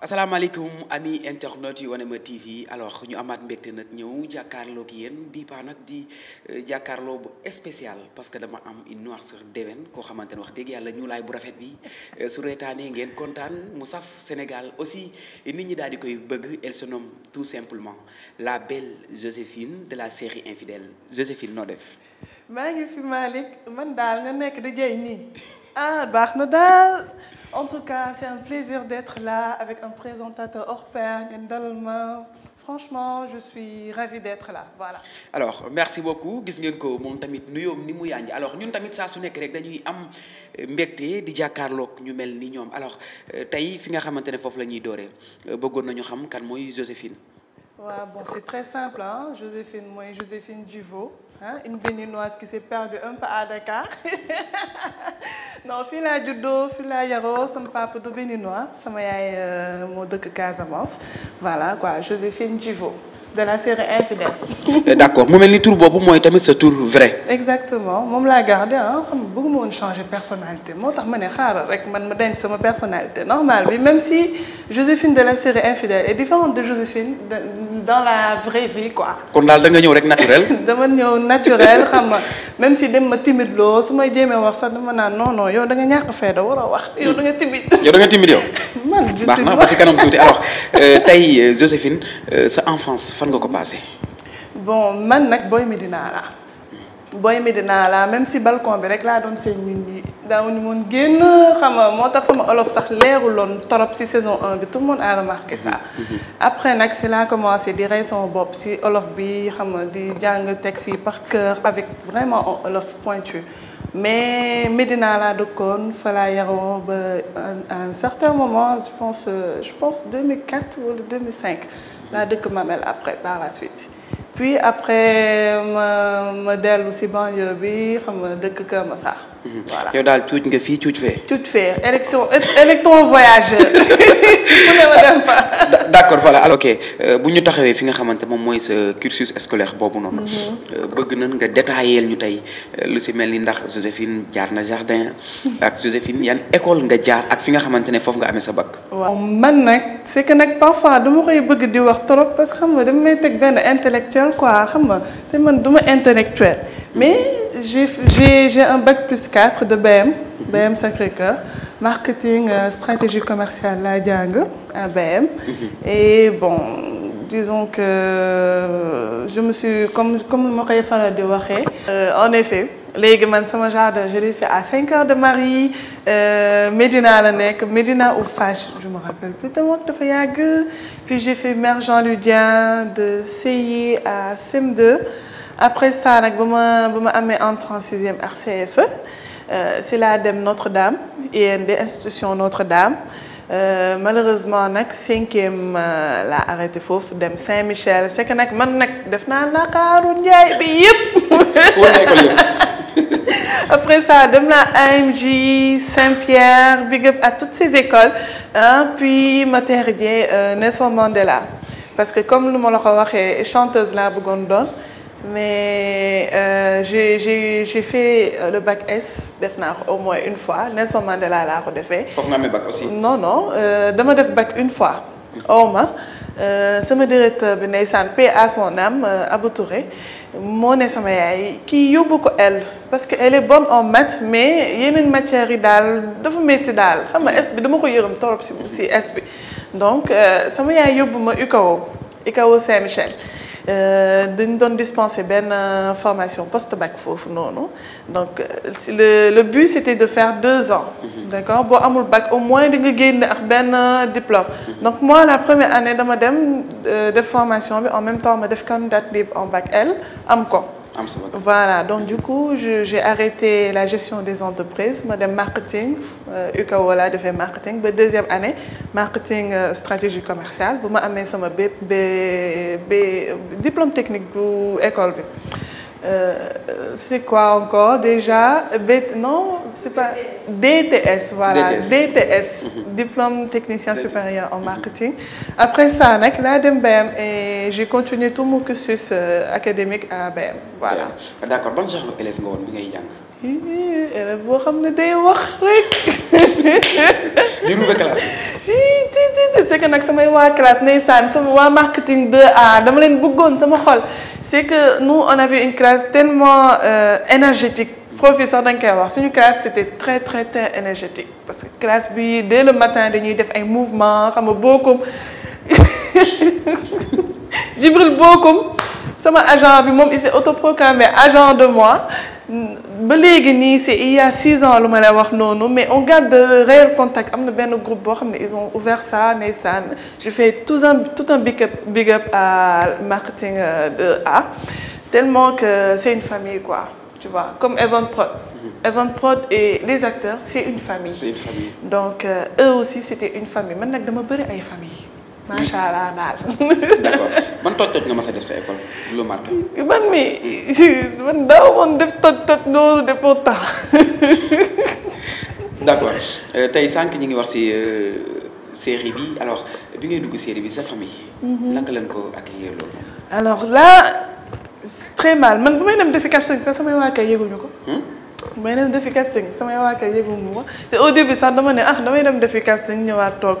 asalaamaaleykum ami internet yu Wanema TV alors ñu amaat mbégte nag ñëw jàkkaarloo ak yéen bii di euh, jàkkaarloo spécial parce que dama am une noirceur déwén koo xamante ne wax dëgg yàlla ñu laay bu rafet bi euh, su reetaanee ngeen kontaan mu Sénégal aussi nit ñi daal di koy bëgg elle se nomme tout simplement la belle Joséphine de la série Infidèles Joséphine noo def. maa ngi fi Malick man daal nga nekk di jëy nii. Ah, Barnodal, En tout cas, c'est un plaisir d'être là avec un présentateur hors pair, Gendalma. Franchement, je suis ravie d'être là. Voilà. Alors, merci beaucoup. Gis ngeen ko moom tamit nuyoom ni mu alors ñun tamit saa su nous rek dañuy am eh, mbégte di jàkkaarloog ñu mel ni alors eh, tey fi nga xamante que foofu la ñuy eh, nous nañu xam kan mooy Joséphine. waaw bon c'est très simple hein. Joséphine moi, Joséphine Duvaux. Hein? une béninoise qui s'est perdue un peu à Dakar non fii laa juddoo fii laa yaroo sama papa du béninois sama yaay euh, moo de Casamance voilà quoi Joséphine Djivo de la série Infidèles. Eh, d'accord... Moi mu mel ni bobo, moi mooy tamit ce tour vrai. exactement Je l'ai gardé Hein? Ah. beaucoup nga bëgguma woon changer personnalité Moi tax ma ne avec rek man ma denc personnalité normale bi même si Joséphine de la série Infidèles est différente de Joséphine dans la vraie vie quoi. Quand elle da nga naturelle... rek naturel. dama naturelle... naturel même si dem ma timide loo su may jéemee wax ça dama naan non non yow da nga ñàkk fayda war wax yow da nga timide. yow da nga timide yow. man je suis baax parce que kanam tuuti alors euh, tey euh, Joséphine euh, sa enfance fan nga passé. bon man nak boy Medina Boy booy Medina même si balcon bi rek la doon seen nit ñi daawuñu woon génn xam nga moo sama olof sax leeruloon torop si saison 1 bi tout le monde a remarqué ça. Mm-hmm. après nak c'est là commencé di rey son bop si olof bi xam di jang taxi par cœur avec vraiment un olof pointu. mais Medina de dëkkoon Fala Yaro, ba à un certain moment je pense euh, je pense 2004 ou 2005 la dëkk mamelle après par la suite puis après ma ma dellu si banlieue bi xam nga dëkk Kër Massar. Mhm. voilà yow dal tout nga fi tuut fee. tuut fee élection électron voyageur D'accord, voilà alors ok euh, buñu taxawé fi nga xamanté mom moy ce cursus scolaire bon non mhm. euh, bëgg nañ nga détaillé ñu tay euh, lu ci melni ndax Joséphine jaar na jardin ak Joséphine yan école nga jaar ak fi nga xamanté ne foofu nga amé sa bac. man nak c'est que nak parfois dama koy bëgg di wax trop parce que xam nga dama may tek ben intellectuel quoi intellectuel mais j'ai un bac plus 4 de BM BM Sacré-Cœur marketing euh, stratégie commerciale la à BM mhm. et bon disons que euh, je me suis comme comme moi koy dit, euh, en effet léegi man sama jardin je l'ai fait à 5 h de Marie euh, Médina la nekk Médina ou Fash, je me rappelle plus de dafa puis j'ai fait mère Jean Ludien de CI à CM2 après ça nak suis en entrée en sixième RCFE euh, c'est laa dem Notre-Dame des institutions Notre-Dame euh, malheureusement nag cinquième la arrêté fof dem Saint-Michel c'est que nak man nak defna la karu njaay bi après ça, demain, à AMJ, Saint-Pierre, big up à toutes ces écoles. Hein, puis, ma euh, Nelson Mandela. Parce que comme nous l'avons dit, chanteuse là, Bougondon. Mais euh, j'ai fait euh, le bac S, Defnar, au moins une fois. Nelson Mandela l'a refait. Faut le bac aussi. Non, non. Euh, le bac une fois oma euh, a directeur bi à son âme euh, Abou Touré moo ne sama qui elle parce qu'elle est bonne en maths mais yeneen matière de vous si donc euh, Saint-Michel nous euh, doon dispensé benn euh, formation post-bac foofu non donc euh, le le but c'était de faire deux ans. Mhm. d'accord boo amul bac au moins di nga génne ak diplôme. Mhm. donc moi la première année dama dem de formation bi en même temps ma def candidat libre en bac L am voilà, donc du coup, j'ai arrêté la gestion des entreprises, euh, de marketing, UKOLA de devait marketing. deuxième année, marketing euh, stratégie commerciale, pour moi, j'ai diplôme technique de l'école. Euh, c'est quoi encore déjà Non, c'est pas DTS, voilà. DTS, mhm. diplôme technicien supérieur en mhm. marketing. Après ça, nak la et j'ai continué tout mon cursus euh, académique à BM, voilà. Ah, d'accord, bonjour genre élève nga won bi élève bo xamné day wax rek. Di classe c'est que nak sama wa classe ndeysaan sama wa marketing 2A dama len bëggoon sama xol c'est que nous on avait une classe tellement euh, énergétique professeur d'un cœur. suñu classe c'était très très très énergétique parce que classe bi dès le matin dañuy def ay mouvement xam nga bokkum Jibril bokum sama agent bi mom il s'est autoproclamé agent de moi c'est il y a six ans mais on garde de réel contact groupe ils ont ouvert ça Nissan. je fais tout un tout un big up big up à marketing euh, de A tellement que c'est une famille quoi tu vois comme Evan Prod mm-hmm. Evan Prod et les acteurs c'est une famille. c'est une famille donc euh, eux aussi c'était une famille man nag dama à une famille macha allah daal. d'accord ban toj-toj nga mas a def sa école lu marqué. man mi man daaw moon def toj-toj loolu de pourtant. d'accord euh, tey sànq ñi ngi wax ci euh, série bi alors bi ngay dugg série bi sa famille. Mhm. naka ko accueillir loolu. alors là très mal man bu may dem defi casting sa samay waa kay yëguñu ko. Hmm? may dem defi casting samay waa kay yëguñu ko te au début sax dama ne ah damay dem defi casting ñëwaat toog.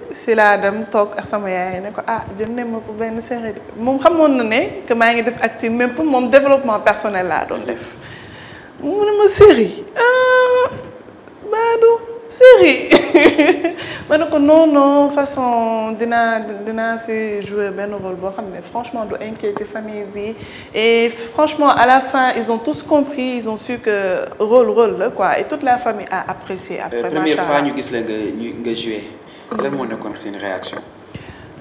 si la dame toog ak sama yaay ne ko ah jëndee ma ko benn série moom xamoon ne que ma ngi def active même pour mon développement personnel là dans def mu ne ma série ah Badou série ma ne ko non non façon dinaa dinaa si jouer benn rôle boo xam franchement du inquiéter famille bi et franchement à la fin ils ont tous compris ils ont su que rôle rôle quoi et toute la famille a apprécié. après macha euh, première fois ñu gis la nga nga jouer lan moo nekkoon une réaction.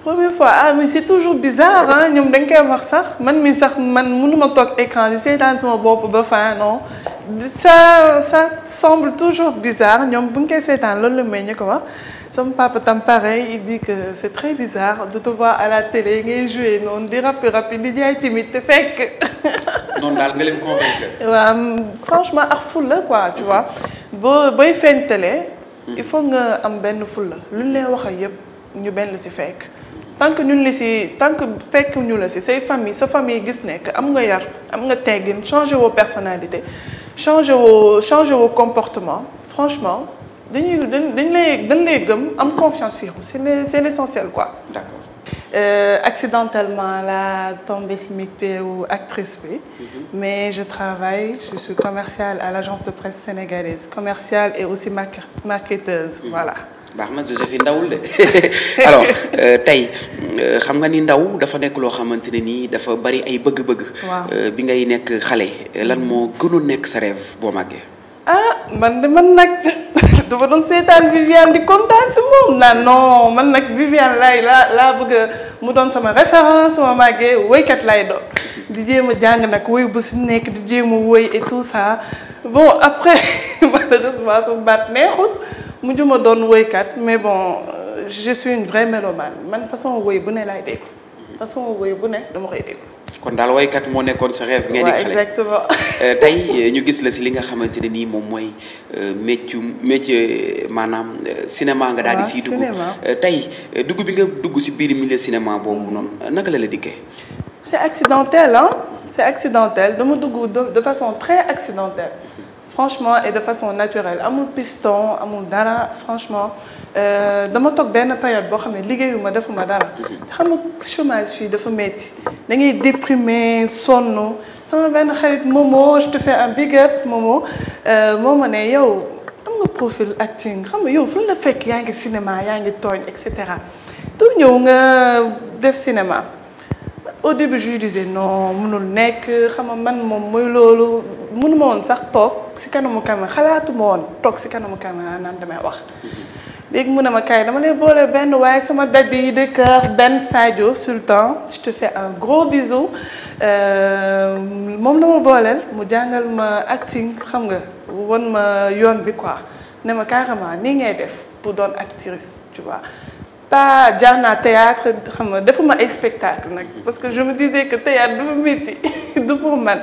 première fois ah mais c'est toujours bizarre hein. ñoom dañ voir ça sax man mi sax man mënuma toog écran c'est dans son bopp ba fin non ça ça semble toujours bizarre ñoom bu ñu koy seetaan loolu la may ñu ko wax sama papa tam pareil il dit que c'est très bizarre de te voir à la télé et jouer On dira plus rappi di jaay timide te fekk. Non.. Non.. nga le convaincre. franchement ak ful quoi tu vois beau booy une télé il faut nga am benn fulla luñ lay waxal yeb ñu benn ci fek tant que ñun li si tant que fek ñu la si say famille sa famille gis nek am nga yar am nga teggin changer vos personnalité changer vos changer vos comportement franchement dañuy dañ lay dañ lay gëm am confiance sur vous c'est l'essentiel quoi d'accord euh, accidentellement, la tombée sur ou actrice, oui. Mhm. Mais je travaille, je suis commerciale à l'agence de presse sénégalaise, commerciale et aussi marketeuse, mm -hmm. voilà. baax na Joséphine ndawul alors euh, tey euh, xam nga ni ndaw dafa nekk loo xamante ne nii dafa bari ay bëgg-bëgg. Euh, bi ngay nek xale lan moo gënoon nekk sa rêve ah man de man nag dama don setan Viviane di kontaan ci mom na non man nak Viviane lay la laa bëgg mu don sama référence suma màggee kat lay do di jema jang nak nag bu si nekk di jema a et tout ça bon après malheureusement son baat neexul mu juma doon kat mais bon euh, je suis une vraie mélomane man façon way bu ne lay dégg façon way bu ne dama koy dégg kon daal waykat moo nekkoon sa rêve. ngay di xale exactement. Euh, tey euh, ñu gis la si li nga xamante ne nii moom mooy euh, méccu métier maanaam cinéma nga daal di siy dugg. tey dugg bi nga dugg si biir milieu cinéma boobu noonu naka la la dikkee. c'est accidentel hein c'est accidentel dama dugg de façon très accidentelle franchement et de façon naturelle amour piston amour dara franchement euh, dama toog benn période boo xam ne liggéeyuma defuma dara te xam nga chômage fii dafa metti da ngay déprimé Ça m'a ben, xarit Momo je te fais un big up Momo euh, Momo, ma ne yow am nga profil acting xam nga yow fu la fekk yaa ngi cinéma y'a ngi tourne, etc. Tout du ñëw nga def cinéma au début je disais non mon nek xama man je sax tok si kanamu je ne tok si kanamu pas, wax ma dama lay ben sama de cœur Ben Sadio Sultan je te fais un gros bisou sais euh, pas, ma mu jangal ma acting xam nga ma yoon bi quoi ne carrément ni ngay pour actrice tu vois pas dire théâtre de nga defuma spectacle parce que je me disais que théâtre dafa métier pour moi.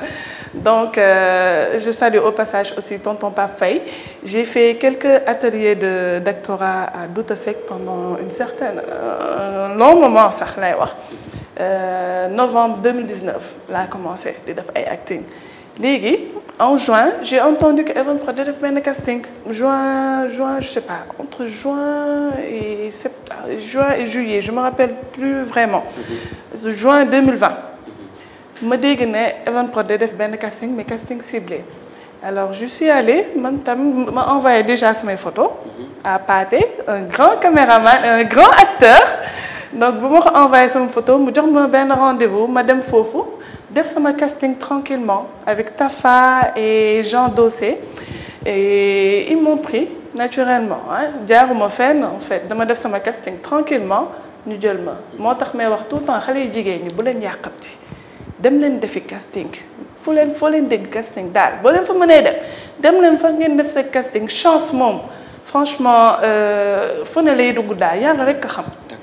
donc euh, je salue au passage aussi tonton Pape j'ai fait quelques ateliers de doctorat à Doutasek pendant une certaine euh, long moment ça euh, novembre 2019 là commencé de faire acting en juin, j'ai entendu qu'Evan Prada a fait un casting. Juin, juin, je sais pas, entre juin et, euh, juin et juillet, je me rappelle plus vraiment. Mhm. Juin 2020. Je me suis dit Evan fait un casting, mais casting ciblé. Alors, je suis allée, je m'a envoyé déjà mes photos mhm. à Paté, un grand caméraman, un grand acteur. Donc, vous m'envoyez envoyé photo, photos, je me suis rendez-vous, madame Fofou fait mon casting tranquillement avec Tafa et Jean Dossé et ils m'ont pris naturellement hein. Je en fait dama def sama casting tranquillement Je suis ma tout le temps le Je suis bu dem casting casting daal dem casting chance franchement suis euh, ne lay dugg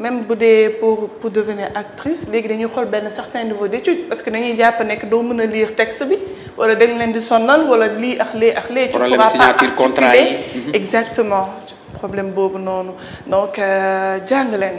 même bu pour pour devenir actrice léegi dañuy xool benn certain niveau d'études. parce que dañuy jàpp nekk doo mën a lire texte bi wala dañ leen di sonnal wala lii ak lee ak lee. problème signature contrat exactement problème boobu noonu donc euh, jàng leen.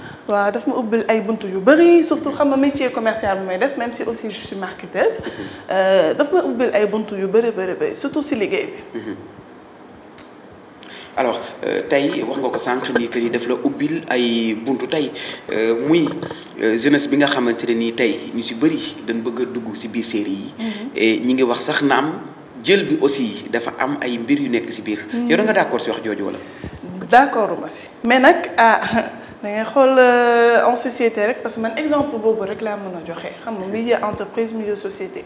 waaw daf ma ubbil ay buntu yu bëri surtout xam nga métier commercial bu may def même si aussi je suis marketeuse daf ma ubbil ay buntu yu bëri bëri bëri surtout si liggéey bi. alors tey wax nga ko sànq ni que ni daf la ubbil ay buntu tey muy jeunesse bi nga xamante ne nii tey ñu si bëri dañ bëgg a dugg si biir série yi. et ñi ngi wax sax naam jël bi aussi dafa am ay mbir yu nekk si biir. yow da nga d' accord si wax jooju wala. d' accord ma si mais nag ah. da ngay xool euh, en société rek parce que man exemple boobu rek laa mën a joxe xam nga milieu entreprise milieu société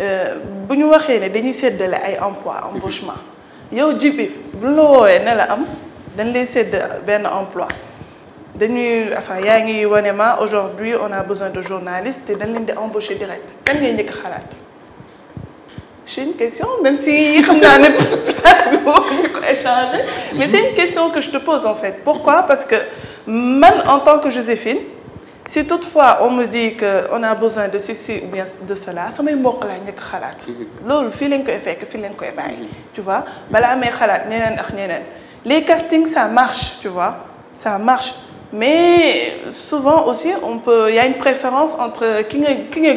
euh, bu ñu waxee ne dañuy séddale ay emploi embauchement yo jibi bu la ne la am dañ lay sédd benn emploi dañuy enfin yaa ngi wane ma aujourd'hui on a besoin de journalistes te dañ leen di embaucher direct kan ngay njëkk xalaat c'est une question, même si on a une place pour échanger. Mais c'est une question que je te pose en fait. Pourquoi Parce que même en tant que Joséphine, si toutefois on me dit qu'on a besoin de ceci ou de cela, ça me que la nek khalat. Le feeling que fait, que feeling que Tu vois Bala me khalat, nenen Les castings, ça marche, tu vois Ça marche. Mais souvent aussi, il y a une préférence entre qui est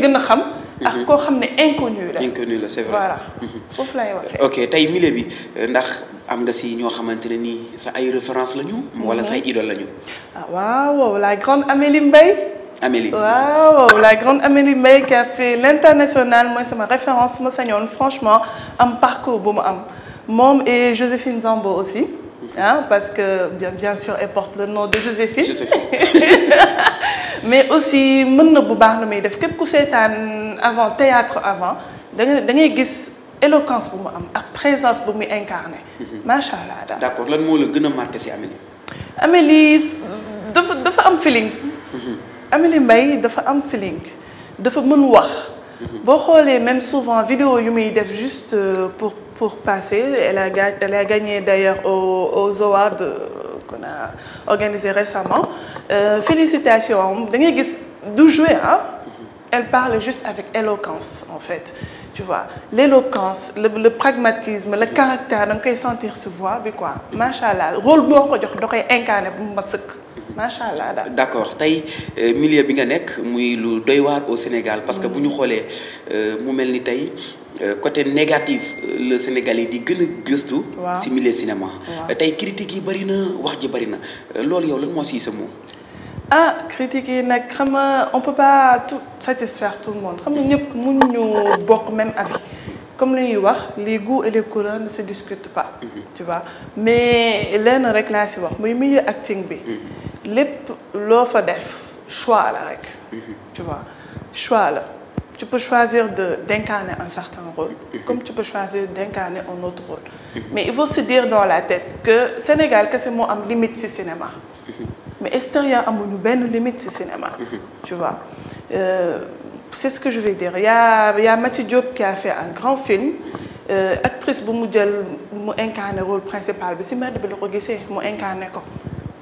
ak mhm. koo inconnu la. inconnu la c'est vrai voilà mhm. ok tey milieu bi ndax am nga si ñoo xamante ne nii sa ay référence la ñu. wala mhm. say idole la ñu. ah waaw la grande Amélie Mbaye. Amélie waaw la grande Amélie Mbaye qui a fait l'international mooy sama référence su ma sañoon franchement am parcours bu am moom et Joséphine Zambo aussi hein? parce que bien bien sûr elle porte le nom de Joséphine. Joséphine. mais aussi mën na bu baax lu muy def képp avant théâtre avant da ngay éloquence bu mu présence bu muy incarné. Mhm. allah d' accord lan a marqué Amélie. Amélie dafa dafa am feeling. Mhm. Amélie Mbaye dafa am feeling dafa mën wax. Mhm. boo xoolee même souvent vidéo yu juste euh, pour pour passer elle a gagné d'ailleurs aux aux awards euh, qu'on a organisé récemment. Euh, félicitations. Vous hein? Elle parle juste avec éloquence, en fait tu vois l'éloquence le le pragmatisme le caractère donc nga sentir se voix mais quoi machallah, rôle boo que jox da incarner bu mu mat sëkk macha allah euh, milieu bi nga nekk muy doy au Sénégal parce que bu ñu xoolee euh, mu mel ni euh, côté négatif le Sénégalais di gëna gëstu. waaw milieu cinéma. tay critique yi bari na wax ji bari na loolu yow lan mo siy sa mot on ah, ne on peut pas tout satisfaire tout le monde Comme nous, nous, même avis comme nous, les goûts et les couleurs ne se discutent pas. Mhm. tu vois mais lenn rek là, si wax meilleur acting bi. Mhm. def choix la mhm. tu vois choix tu peux choisir de d'incarner un certain rôle. comme tu peux choisir d'incarner un autre rôle. mais il faut se dire dans la tête que Sénégal c'est moi am limite ce cinéma mais est-ce a amuñu benn limite le cinéma mhm. tu vois euh, c'est ce que je veux dire il y a y a Mathieu Diop qui a fait un grand film euh, actrice bu mu incarné mu rôle principal c'est ci mbedd bi la ko incarné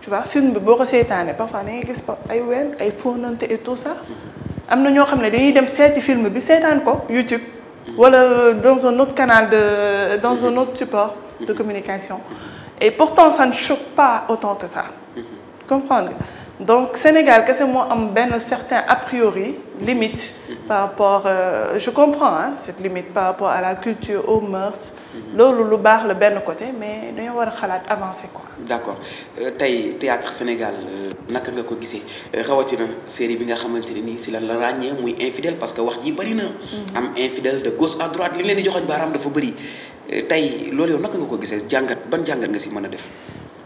tu vois film bi boo un parfois il ngay a ay ween ay fóonante et tout ça Il y a des ne dañuy dem film bi ko YouTube ou dans un autre canal de dans un autre support de mhm. communication et pourtant ça ne choque pas autant que ça mhm comprendre donc Sénégal c'est moo am ben certain a priori limite par rapport euh, je comprends hein, cette limite par rapport à la culture aux mœurs mhm. le lu baax le ben côté mais dañoo war a xalaat avancer quoi. d'accord accord euh, théâtre Sénégal euh, naka nga ko gisee euh, rawatina série bi nga xamante ne nii si la la ràññee infidèle parce que wax ji bëri na. Mhm. am infidèle de gauche à droite li leen di joxoñ baaraam dafa bëri tey loolu yow naka nga ko gisee j'angat ban j'angat nga si def.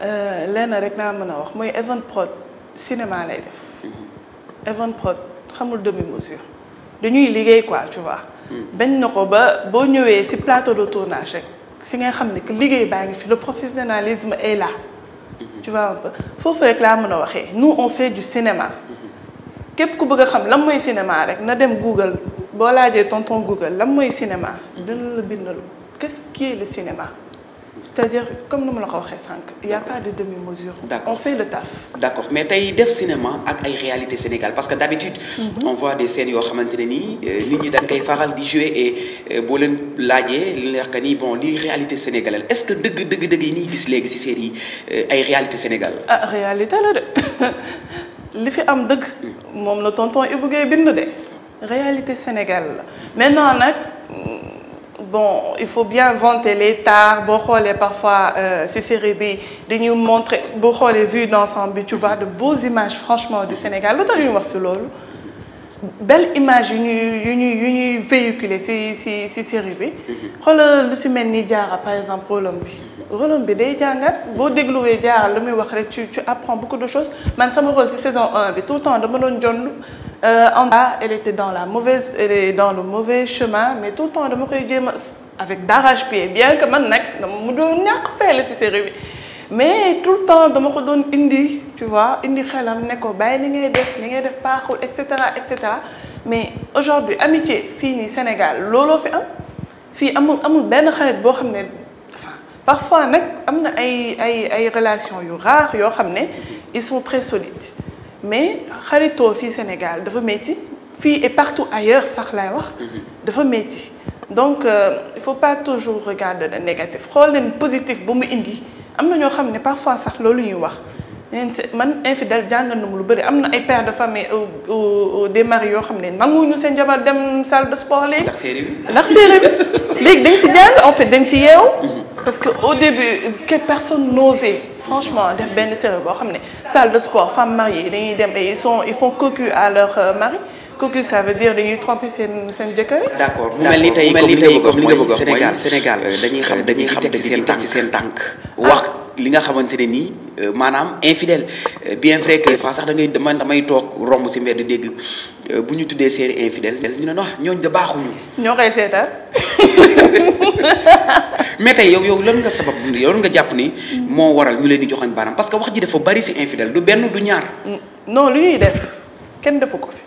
Euh, lenn rek naa mën a wax mooy Evenprod cinéma lay def mhm. Prod xamul demi mesure dañuy liggéey quoi tu vois. Mhm. ben nako ba bo ñëwee ci plateau de tournage rek si nga xam que liggéey baa fi le professionnalisme est là. Mhm. tu vois un peu foofu rek laa nous on fait du cinéma. képp ku bëgg xam lan mooy cinéma rek na dem Google bo laajee tonton Google lan mooy cinéma dina la bindal qu'est-ce qui est le cinéma c'est-à-dire comme nous le il n'y a pas de demi-mesure. on fait le taf. d'accord mais as def cinéma ak réalité Sénégal parce que d'habitude. Mhm. on voit des scènes yoo euh, des et euh, bon réalité sénégalaise est-ce que deug deug deug ni gis ci série euh, réalité Sénégal. Ah, réalité de li fi am mom hmm. tonton Ibou réalité Sénégal maintenant bon il faut bien vanter l'état, boo les parfois euh, si série De nous montrer boo vu dans d'ensemble but, tu vois de beaux images franchement du Sénégal L'autre belle image yu ñuy yu ñuy yu c'est véhiculer ci ci ci série bi lu ci par exemple rôlam bi rôlam bi day jàngat boo dégluwee jaara lu muy wax rek tu tu apprends beaucoup de choses man sama rôle saison 1 mais tout le temps dama doon en bas, euh, elle était dans la mauvaise elle est dans le mauvais chemin mais tout le temps dama mon avec d'arrache-pied bien que man nag nous mu doon ñàkk si c'est série mais tout le temps dama ko donne indi tu vois indi xelam ne ko bàyyi li ngay def li ngay def baaxul et cetera et cetera mais aujourd'hui amitié fini, Sénégal Lolo fi am fii amul amul benn xarit boo parfois nak, amna ay ay ay relations yu rare yoo xam ils sont très solides mais xaritoo fi Sénégal dafa metti, fi et partout ailleurs sax laay wax dafa metti. donc euh, il faut pas toujours regarder le négatif xool leen positif bu mu indi amna ñoo xam ne parfois sax loolu ñuy wax man infidèle jàngal na mu lu bëri am na ay père de famille des maris yoo xam ne nanguñu seen jabar dem salle de sport léegi. ndax séeréer bi ndax séeréer bi léegi dañ si jàng en fait dañ si yeewu. parce que au début que personne n'ose. franchement def benn séeréer boo xam ne salle de sport femmes mariées dañuy dem et ils sont ils font cocu à leur euh, mari. cocu ça veut dire dañuy tromper seen seen jëkkër. d' accord mu mel ni tey comme li nga bëgg a Sénégal Sénégal dañuy xam dañuy xam teg ci seen tànk ah, wax li nga xamante ni euh, manam infidèle euh, bien vrai que fa sax da ngay man damay tok romb ci mbedd dégg euh, buñu ñu tuddee série infidèle ñu ne wax ñooñ da baaxuñu. ñoo koy mais tay yow yow lan nga sabab yow nga japp ni. mo waral ñu leen di joxoñ parce que wax ji dafa bari ci infidèle du benn du ñaar. Mm, non lu ñuy def kenn defu ko fi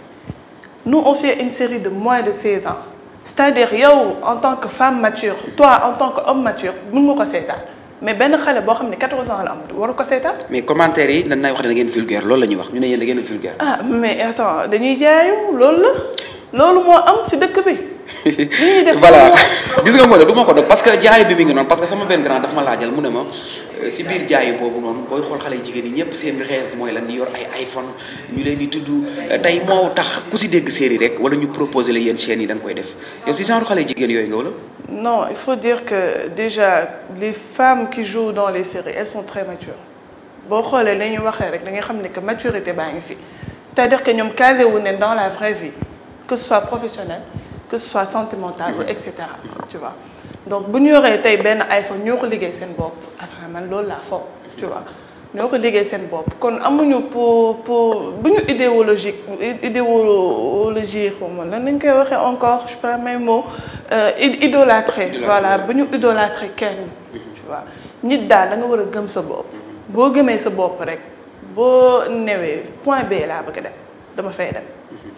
nous on fait une série de moins de 16 ans c'est-à-dire yow en tant que femme mature toi en tant que homme mature mun ko sétal mais ben xale bo xamné 14 ans la am waru ko sétat mais commentaire yi dañ naa wax da ngeen vulgaire loolu lañuy wax ñu ne yéen da ngeen vulgaire. ah mais attends dañuy jaayu loolu la loolu moo am ci dëkk bi. voilà gis nga moo ne du ma parce que jaay bi mi ngi non parce que sama ben grand dafa ma laajal mu ne ma euh, si biir jaay bobu non boy xol xalé jigéen yi ñëpp seen rêve moy lan yor ay iPhone ñu leen di tudd euh, tay mo tax ku si dégg série rek wala ñu proposer la yéen chaîne yi dang koy def yow si genre xalé jigéen yoy nga wala non il faut dire que déjà les femmes qui jouent dans les séries elles sont très matures bo xolé la ñu waxé rek da nga xamné que maturité baa fi c'est-à-dire que ñom casé wu ne dans la vraie vie que ce soit professionnel que ce soit santé mentale et cetera tu vois donc bu ñu yoree tey benn iPhone ñoo ko liggéey seen bopp affaire man loolu laa foog tu vois ñoo ko liggéey seen kon amuñu pour pour bu idéologique idéologique idéologie xawma lan nañ koy waxee encore je parle même mot idolâtré voilà bu ñu idolâtré kenn tu vois nit daal da nga war a gëm sa bopp boo gëmee sa bopp rek boo newee point B laa bëgg a dem dama fay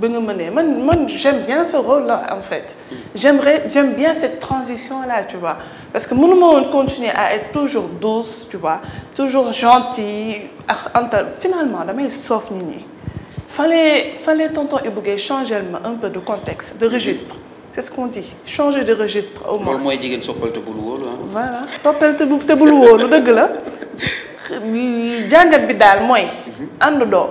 Moi, j'aime bien ce rôle-là, en fait. j'aimerais J'aime bien cette transition-là, tu vois. Parce que mon on continue à être toujours douce, tu vois, toujours gentil ah, Finalement, la main sauf Nini. Fallait, fallait tonton Ibougué changer un peu de contexte, de registre. C'est ce qu'on dit. Changer de registre au moins. Moi, je te hein. Voilà. deug la. bi dal mhm. do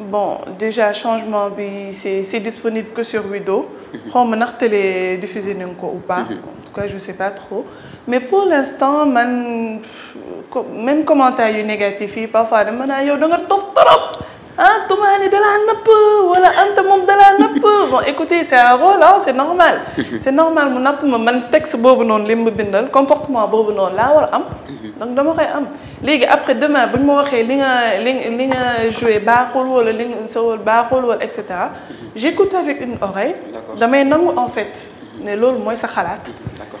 bon déjà changement c'est disponible que sur Wido. Je ndax télé diffusé ou pas. Mhm. en tout cas je sais pas trop. mais pour l'instant même commentaire négatifs négatif parfois pas trop ah nappe, dalaa napp wala Anta de la nappe. bon écoutez c'est un rôle ah c'est normal c'est normal Mon nappe, ma man texte bob non li ma bindal comportement boobu non, laa war am mhm. donc dama koy am léegi après demain bu moi, je vais li nga li li nga joué baaxul wala li nga rôle baaxul wala mhm. j'écoute avec une oreille damay nangu en fait mhm. ne moi, ça sa D'accord.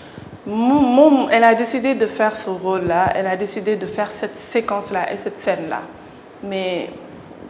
elle a décidé de faire ce rôle-là, elle a décidé de faire cette séquence-là et cette scène-là. Mais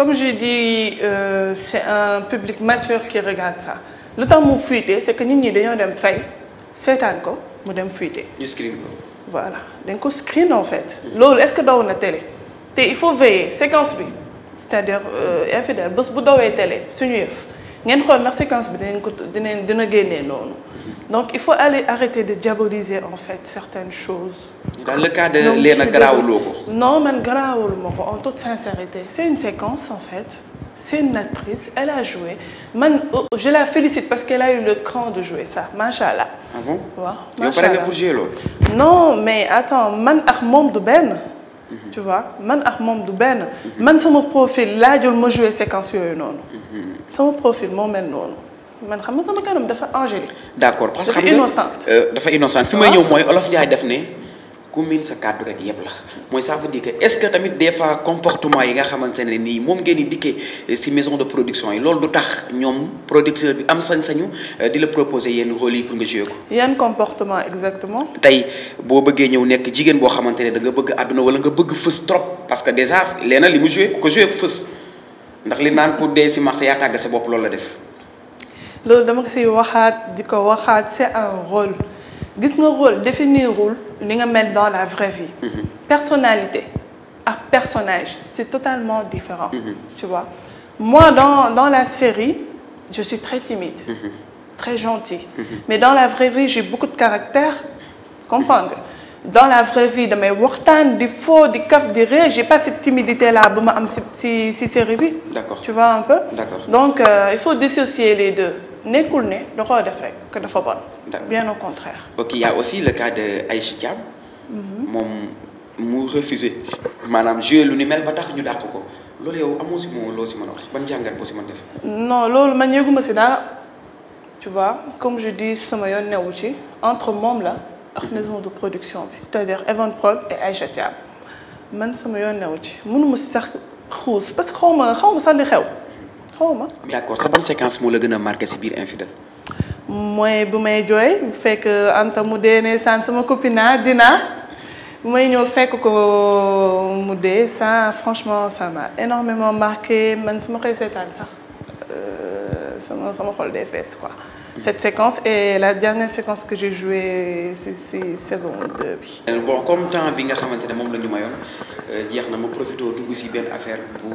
Comme je dis, euh, c'est un public mature qui regarde ça. Le temps de fuis, c'est que nous avons fait, c'est ans, nous avons fuité. Nous screen. Voilà, donc screen en fait. Est-ce que dans la télé Il faut veiller, séquence, c'est-à-dire, il faut la télé, c'est ngeen xool séquence bi dinañ ko dina donc il faut arrêter de diaboliser en fait certaines choses. dans le cas de Léna garaawuloo non man garaawul ma en toute sincérité c'est une séquence en fait c'est une actrice elle a joué man oh, je la félicite parce qu'elle a eu le cran de jouer ça macha allah. ah bon waaw macha allah pour non mais attends man ak moom du benn tu vois man ak mom du ben man sama profil laajul ma jouer séquence yooyu non mhm. sama profil moo mel non man xam nga sama kanam dafa angélique d'accord parce que dafa innocente euh, dafa innocente fi may ñew moy Olof Ndiaye def né ku sa cadre rek yëpp la mooy ça veut dire que est-ce que tamit des fois comportement yi nga xamantene ni mom ngeen di dikkee ci maison de production yi lolou du tax ñom producteur bi am sañ-sañu euh, di le proposer yenn rôle yi pour nga jouer ko. yan comportement exactement. tay bo bëggee ñew nek jigen bo xamantene da nga bëgg aduna wala nga bëgg fës trop parce que déjà léna li mu joué ko jouer ko fës ndax li naan ku dé ci marché ya tag sa bop lolou la def. lolou dama ko ciy waxaat di ko c'est un rôle gis nga rôle rôle nous nga dans la vraie vie. Mhm. personnalité à personnage c'est totalement différent. Mhm. tu vois moi dans dans la série je suis très timide. Mhm. très gentille. mais dans la vraie vie j'ai beaucoup de caractère comprends dans la vraie vie mes waxtaan des faux des des des Je j'ai pas cette timidité là si si tu vois un peu. donc euh, il faut dissocier les deux nekul ne da ko def rek que dafa bon. bien au contraire. ok il y a aussi le cas de Aïcha Thiam. Mhm. moom mu refusé maanaam joué lu ni mel ba tax ñu dàq ko lolé yow amoo si moom loo si mën wax ban jàngat bo si mën def. non lolou man yëguma si dara tu vois comme je dis sama yoon newu ci entre moom la ak mhm. maison de production c'est-à-dire Evan Evenprod et Aïcha Thiam man sama yoon newu ci mënuma si sax xuus parce que xawma xawma xaw li xew xaw ma. d' accord séquence mo la gëna marqué ci bir infidèle. moy bu may jooy bu fekk Anta mu dee ne sama copina ah, dina dinaa bu may ñëw fekk ko mu dé ça franchement ça m'a énormément marqué man su ma koy seetaan sax euh, sama sama xol day fees quoi. cette séquence est la dernière séquence que j'ai joué ces si saison 2 bon comme temps bi nga xamanté mom moom la ñu mayoon euh, jeex na ma profito dugg si benn affaire pour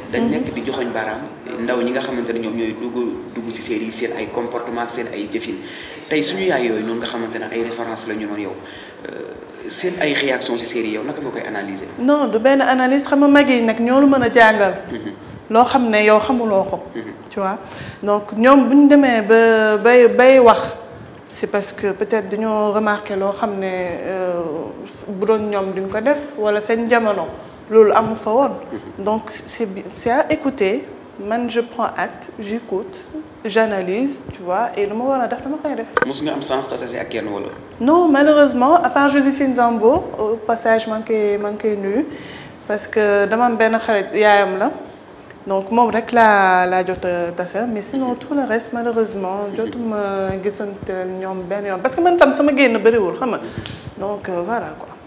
dañ nekk di joxoñ baaraam ndaw ñi nga xamante ne ñoom ñooy dugg dugg ci seen i seen ay comportement ak seen ay jëfin tey suñu yaay yooyu noonu nga xamante ne ay référence la ñu noonu yow euh, seen ay réaction ci série yow naka nga koy analyser. non du benn analyse xam nga mag yi nag ñoo lu mën a jàngal. Mhm. loo xam ne yow xamuloo ko. Mhm. tu vois donc ñoom bu ñu demee ba bay bay wax. c'est parce que peut-être dañoo remarqué loo xam ne euh, bu doon ñoom duñ ko def wala seen jamono loolu amu fa woon donc c'est c'est à écouter man je prends acte j'écoute j'analyse tu vois et le moment war a def dama koy def. mos nga am sens qui ak kenn non malheureusement à part Joséphine Zambo au passage manqué manqué nu parce que dama am benn xarit yaayam la donc moom rek la la jot a mais sinon tout le reste malheureusement jotuma gisante ñoom benn yoon parce que man tam sama génn bëriwul xam nga donc euh, voilà quoi.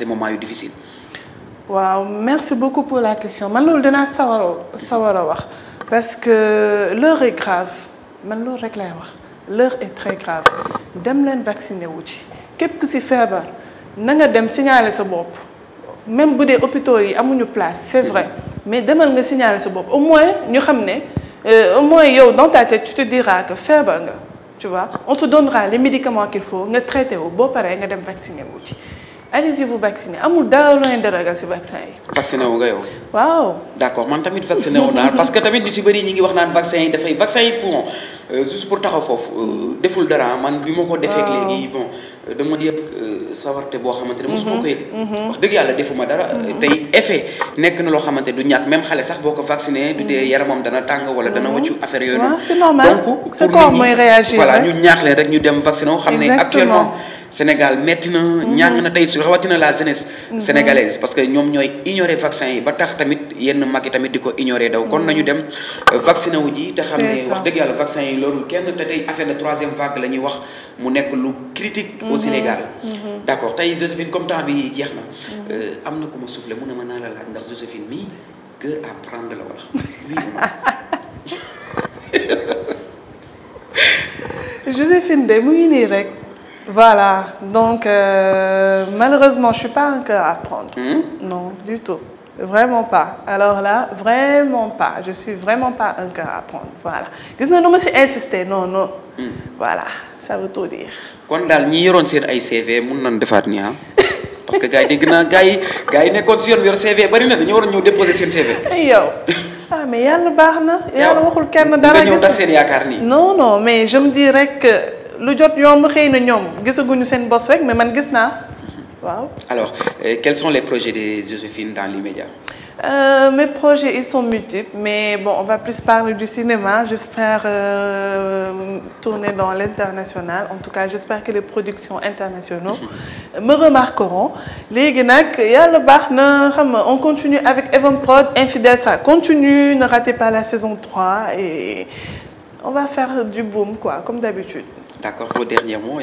ces moments difficile waaw merci beaucoup pour la question man loolu dinaa sawar a sawar wax parce que l'heure est grave man loolu rek wax l'heure est très grave dem leen vacciner. wu ci képp ku si feebar na nga dem signaler sa bop. même bu dee hôpitaux yi amuñu place c'est vrai mais demal nga signaler sa bop. au moins ñu xam euh, au moins yow dans ta tête tu te diras que feebar nga tu vois on te donnera les médicaments qu'il faut nga traité au boo pareil, nga dem vacciné wu allez-y vous vacciner amul dara lu leen dara ci vaccin yi. vacciné wu nga yow. waaw D'accord, man tamit vacciné wu naa parce que tamit lu si bëri ñi ngi wax naan vaccin yi dafay vaccin yi pour euh, juste pour taxaw fofu euh, deful dara man bi ma ko defee léegi bon euh, dama yëg sawarte boo xamante ne mosuma ko mhm. yëg. Mhm. wax dëgg yàlla defuma dara. Mhm. tey effet nekk na loo xamante du ñàkk même xale sax boo ko vacciné. du dee yaramam dana tàng wala dana wëccu affaire yooyu noonu. donc pour nit ñi voilà ñu ñaax leen rek ñu dem vacciné wu xam ne actuellement. Sénégal maintenant, nous na mhm. tay la jeunesse. Mhm. sénégalaise parce que ñom ñoy ignorer vaccin ba tax tamit yenn tamit ignorer daw vaccin yi de troisième vague la wax mu critique au mhm. Sénégal. D'accord. Josephine comme temps bi euh, ne Josephine mi que à prendre la Josephine de voilà, donc euh, malheureusement, je ne suis pas un cœur à prendre. Hmm? Non, du tout. Vraiment pas. Alors là, vraiment pas. Je ne suis vraiment pas un cœur à prendre. Voilà. dis-moi non mais c'est insister non non. Hmm. Voilà, ça veut tout dire. Quand daal ñi yoroon seen ay CV mun nañ defaat faire ah. parce que gars gens dégg naa gars yi gars yi nekkoon si CV bari na dañu waroon déposer seen CV. ah mais yàlla baax na. yàlla waxul kenn dara le nga ñëw non non mais je me dirais que lu jot rek mais man alors euh, quels sont les projets de Josephine dans l'immédiat euh, mes projets ils sont multiples mais bon on va plus parler du cinéma j'espère euh, tourner dans l'international en tout cas j'espère que les productions internationales me remarqueront les on continue avec prod Prod, ça continue ne ratez pas la saison 3 et on va faire du boom quoi comme d'habitude D'accord. Vos derniers mots,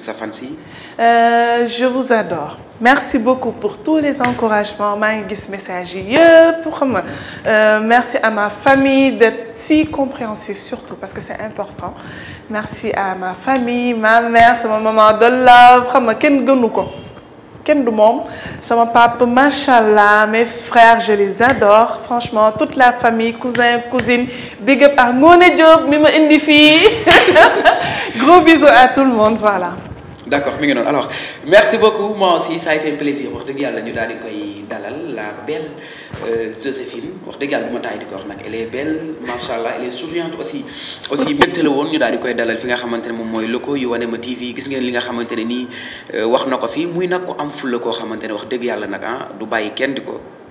Safansi euh, Je vous adore. Merci beaucoup pour tous les encouragements. Mangis message pour moi. Euh, merci à ma famille d'être si compréhensive surtout parce que c'est important. Merci à ma famille, ma mère, c'est ma maman de love du papa machallah mes frères je les adore franchement toute la famille cousins, cousines, big up à Ngoné gros bisous à tout le monde voilà d'accord mi non. alors merci beaucoup moi aussi ça a été un plaisir wax dëgg Yalla ñu daal di koy dalal la belle euh, Josephine. wax dëgg Yalla bu ma taay di ko wax nag elle est belle machallah, elle est souriante aussi. aussi mbégte won ñu daal di koy dalal fi nga xamantene mom moy mooy locaux yu Wanema TV gis ngeen li nga xamantene ni nii euh, wax nako fi muy nak ko am fulla ko xamantene wax deug Yalla nak hein ah, du bàyyi kenn di